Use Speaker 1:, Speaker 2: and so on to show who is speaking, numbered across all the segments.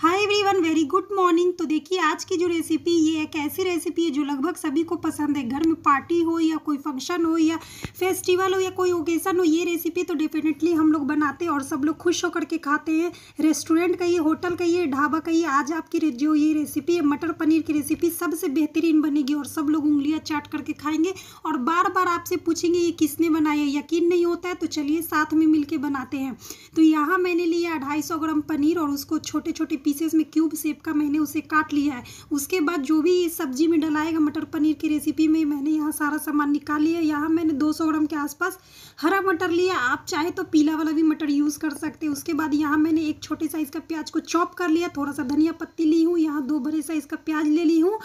Speaker 1: Hi everyone very good morning तो देखिए आज की जो रेसिपी ये एक ऐसी रेसिपी है जो लगभग सभी को पसंद है घर में पार्टी हो या कोई फंक्शन हो या फेस्टिवल हो या कोई ओकेज़न हो ये रेसिपी तो डेफिनेटली हम लोग बनाते हैं और सब लोग खुश होकर के खाते हैं रेस्टोरेंट कहिए होटल कहिए ढाबा कहिए आज आपकी जो ये रेसिपी है मटर पनीर की रेसिपी सबसे बेहतरीन बनेगी और सब लोग उंगलियाँ चाट करके खाएंगे और बार बार आपसे पूछेंगे ये किसने बनाया है यकीन नहीं होता है तो चलिए साथ में मिल बनाते हैं तो यहाँ मैंने लिया ढाई ग्राम पनीर और उसको छोटे छोटे पीसेस इसमें क्यूब सेप का मैंने उसे काट लिया है उसके बाद जो भी इस सब्जी में डलाएगा मटर पनीर की रेसिपी में मैंने यहाँ सारा सामान निकाल लिया यहाँ मैंने 200 ग्राम के आसपास हरा मटर लिया आप चाहे तो पीला वाला भी मटर यूज़ कर सकते हैं उसके बाद यहाँ मैंने एक छोटे साइज़ का प्याज को चॉप कर लिया थोड़ा सा धनिया पत्ती ली हूँ यहाँ दो बड़े साइज़ का प्याज ले ली हूँ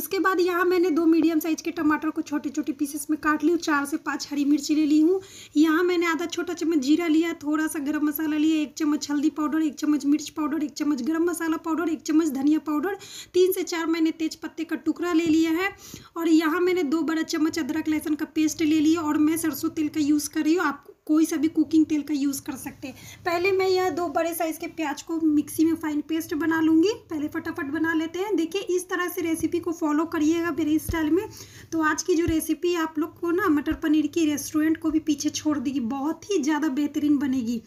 Speaker 1: उसके बाद यहाँ मैंने दो मीडियम साइज़ के टमाटर को छोटे छोटे पीसेस में काट ली चार से पाँच हरी मिर्ची ले ली हूँ यहाँ मैंने आधा छोटा चम्मच जीरा लिया थोड़ा सा गर्म मसाला लिया एक चम्मच हल्दी पाउडर एक चम्मच मिर्च पाउडर एक चम्मच गर्म मसाला मसाला पाउडर एक चम्मच धनिया पाउडर तीन से चार मैंने तेज पत्ते का टुकड़ा ले लिया है और यहाँ मैंने दो बड़ा चम्मच अदरक लहसुन का पेस्ट ले लिया और मैं सरसों तेल का यूज़ कर रही हूँ आप कोई सा भी कुकिंग तेल का यूज़ कर सकते हैं पहले मैं यह दो बड़े साइज़ के प्याज को मिक्सी में फाइन पेस्ट बना लूँगी पहले फटाफट बना लेते हैं देखिए इस तरह से रेसिपी को फॉलो करिएगा मेरे स्टाइल में तो आज की जो रेसिपी आप लोग को ना मटर पनीर की रेस्टोरेंट को भी पीछे छोड़ देगी बहुत ही ज़्यादा बेहतरीन बनेगी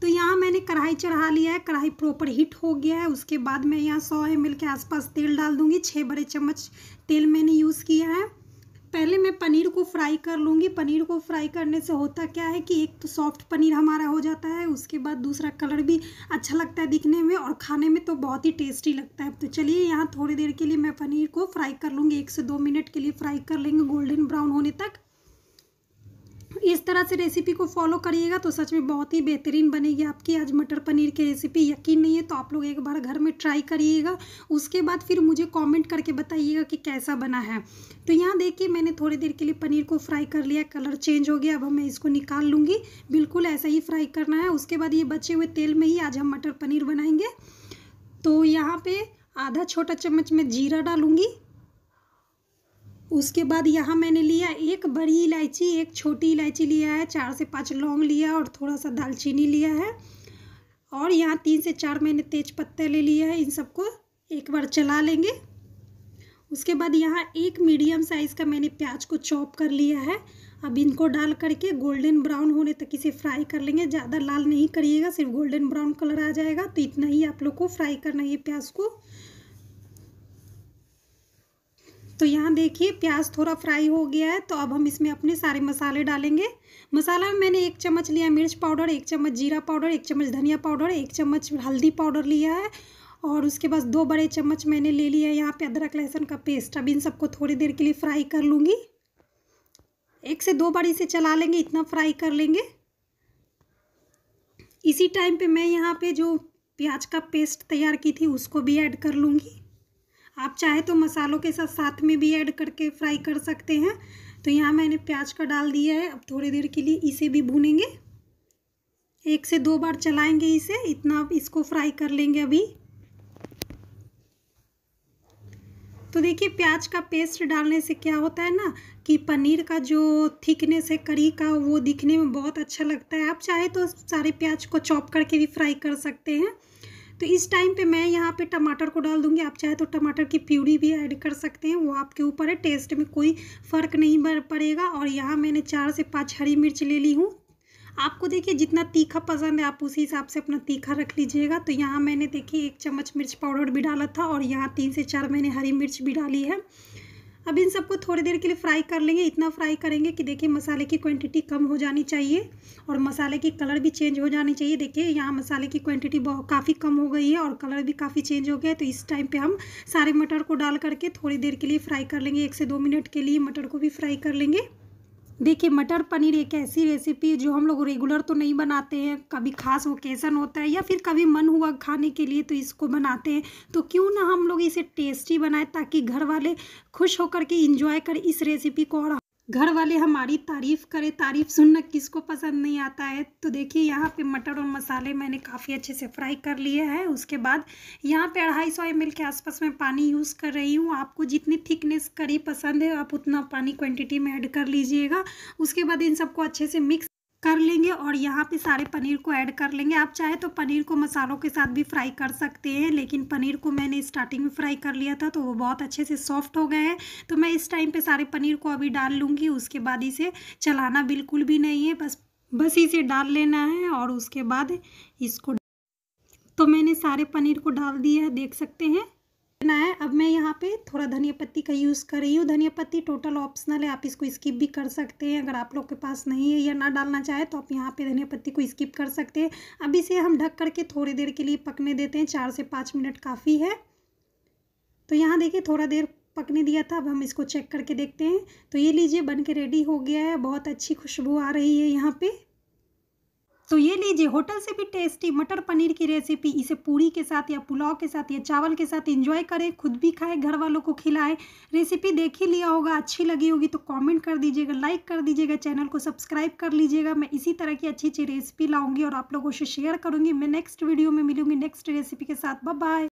Speaker 1: तो यहाँ मैंने कढ़ाई चढ़ा लिया है कढ़ाई प्रॉपर हीट हो गया है उसके बाद मैं यहाँ सौ एम के आसपास तेल डाल दूँगी छः बड़े चम्मच तेल मैंने यूज़ किया है पहले मैं पनीर को फ्राई कर लूँगी पनीर को फ्राई करने से होता क्या है कि एक तो सॉफ्ट पनीर हमारा हो जाता है उसके बाद दूसरा कलर भी अच्छा लगता है दिखने में और खाने में तो बहुत ही टेस्टी लगता है तो चलिए यहाँ थोड़ी देर के लिए मैं पनीर को फ्राई कर लूँगी एक से दो मिनट के लिए फ्राई कर लेंगे गोल्डन ब्राउन होने तक इस तरह से रेसिपी को फॉलो करिएगा तो सच में बहुत ही बेहतरीन बनेगी आपकी आज मटर पनीर की रेसिपी यकीन नहीं है तो आप लोग एक बार घर में ट्राई करिएगा उसके बाद फिर मुझे कमेंट करके बताइएगा कि कैसा बना है तो यहाँ देखिए मैंने थोड़ी देर के लिए पनीर को फ्राई कर लिया कलर चेंज हो गया अब मैं इसको निकाल लूँगी बिल्कुल ऐसा ही फ्राई करना है उसके बाद ये बचे हुए तेल में ही आज हम मटर पनीर बनाएंगे तो यहाँ पर आधा छोटा चम्मच में जीरा डालूँगी उसके बाद यहाँ मैंने लिया एक बड़ी इलायची एक छोटी इलायची लिया है चार से पाँच लौंग लिया और थोड़ा सा दालचीनी लिया है और यहाँ तीन से चार मैंने तेज पत्ते ले लिया है इन सबको एक बार चला लेंगे उसके बाद यहाँ एक मीडियम साइज़ का मैंने प्याज को चॉप कर लिया है अब इनको डाल करके गोल्डन ब्राउन होने तक इसे फ्राई कर लेंगे ज़्यादा लाल नहीं करिएगा सिर्फ गोल्डन ब्राउन कलर आ जाएगा तो इतना ही आप लोग को फ्राई करना है प्याज को तो यहाँ देखिए प्याज थोड़ा फ्राई हो गया है तो अब हम इसमें अपने सारे मसाले डालेंगे मसाला में मैंने एक चम्मच लिया मिर्च पाउडर एक चम्मच जीरा पाउडर एक चम्मच धनिया पाउडर एक चम्मच हल्दी पाउडर लिया है और उसके बाद दो बड़े चम्मच मैंने ले लिया है यहाँ पर अदरक लहसुन का पेस्ट अब इन सबको थोड़ी देर के लिए फ्राई कर लूँगी एक से दो बार इसे चला लेंगे इतना फ्राई कर लेंगे इसी टाइम पे मैं यहाँ पे जो प्याज का पेस्ट तैयार की थी उसको भी ऐड कर लूँगी आप चाहे तो मसालों के साथ साथ में भी ऐड करके फ्राई कर सकते हैं तो यहाँ मैंने प्याज का डाल दिया है अब थोड़ी देर के लिए इसे भी भूनेंगे एक से दो बार चलाएंगे इसे इतना अब इसको फ्राई कर लेंगे अभी तो देखिए प्याज का पेस्ट डालने से क्या होता है ना कि पनीर का जो थिकनेस है करी का वो दिखने में बहुत अच्छा लगता है आप चाहे तो सारे प्याज को चॉप करके भी फ्राई कर सकते हैं तो इस टाइम पे मैं यहाँ पे टमाटर को डाल दूँगी आप चाहे तो टमाटर की प्यूरी भी ऐड कर सकते हैं वो आपके ऊपर है टेस्ट में कोई फ़र्क नहीं पड़ेगा और यहाँ मैंने चार से पाँच हरी मिर्च ले ली हूँ आपको देखिए जितना तीखा पसंद है आप उसी हिसाब से अपना तीखा रख लीजिएगा तो यहाँ मैंने देखिए एक चम्मच मिर्च पाउडर भी डाला था और यहाँ तीन से चार मैंने हरी मिर्च भी डाली है अब इन सबको थोड़ी देर के लिए फ्राई कर लेंगे इतना फ्राई करेंगे कि देखिए मसाले की क्वांटिटी कम हो जानी चाहिए और मसाले की कलर भी चेंज हो जानी चाहिए देखिए यहाँ मसाले की क्वांटिटी बहुत काफ़ी कम हो गई है और कलर भी काफ़ी चेंज हो गया है तो इस टाइम पे हम सारे मटर को डाल करके थोड़ी देर के लिए फ्राई कर लेंगे एक से दो मिनट के लिए मटर को भी फ्राई कर लेंगे देखिए मटर पनीर एक ऐसी रेसिपी जो हम लोग रेगुलर तो नहीं बनाते हैं कभी खास ओकेज़न होता है या फिर कभी मन हुआ खाने के लिए तो इसको बनाते हैं तो क्यों ना हम लोग इसे टेस्टी बनाएं ताकि घर वाले खुश होकर के इंजॉय करें इस रेसिपी को और घर वाले हमारी तारीफ़ करें तारीफ़ सुनना किसको पसंद नहीं आता है तो देखिए यहाँ पे मटर और मसाले मैंने काफ़ी अच्छे से फ्राई कर लिए हैं उसके बाद यहाँ पे अढ़ाई सौ एम के आसपास मैं पानी यूज़ कर रही हूँ आपको जितनी थिकनेस करी पसंद है आप उतना पानी क्वांटिटी में ऐड कर लीजिएगा उसके बाद इन सबको अच्छे से मिक्स कर लेंगे और यहाँ पे सारे पनीर को ऐड कर लेंगे आप चाहे तो पनीर को मसालों के साथ भी फ्राई कर सकते हैं लेकिन पनीर को मैंने स्टार्टिंग में फ्राई कर लिया था तो वो बहुत अच्छे से सॉफ्ट हो गए हैं तो मैं इस टाइम पे सारे पनीर को अभी डाल लूँगी उसके बाद इसे चलाना बिल्कुल भी नहीं है बस बस इसे डाल लेना है और उसके बाद इसको तो मैंने सारे पनीर को डाल दिया है देख सकते हैं ना है अब मैं यहाँ पे थोड़ा धनिया पत्ती का यूज़ कर रही हूँ धनिया पत्ती टोटल ऑप्शनल है आप इसको स्किप भी कर सकते हैं अगर आप लोग के पास नहीं है या ना डालना चाहे तो आप यहाँ पे धनिया पत्ती को स्किप कर सकते हैं अब इसे हम ढक करके थोड़ी देर के लिए पकने देते हैं चार से पाँच मिनट काफ़ी है तो यहाँ देखिए थोड़ा देर पकने दिया था अब हम इसको चेक करके देखते हैं तो ये लीजिए बन के रेडी हो गया है बहुत अच्छी खुशबू आ रही है यहाँ पर तो ये लीजिए होटल से भी टेस्टी मटर पनीर की रेसिपी इसे पूरी के साथ या पुलाव के साथ या चावल के साथ इंजॉय करें खुद भी खाएं घर वालों को खिलाएं रेसिपी देख ही लिया होगा अच्छी लगी होगी तो कमेंट कर दीजिएगा लाइक कर दीजिएगा चैनल को सब्सक्राइब कर लीजिएगा मैं इसी तरह की अच्छी अच्छी रेसिपी लाऊंगी और आप लोगों से शेयर करूँगी मैं नेक्स्ट वीडियो में मिलूंगी नेक्स्ट रेसिपी के साथ बाय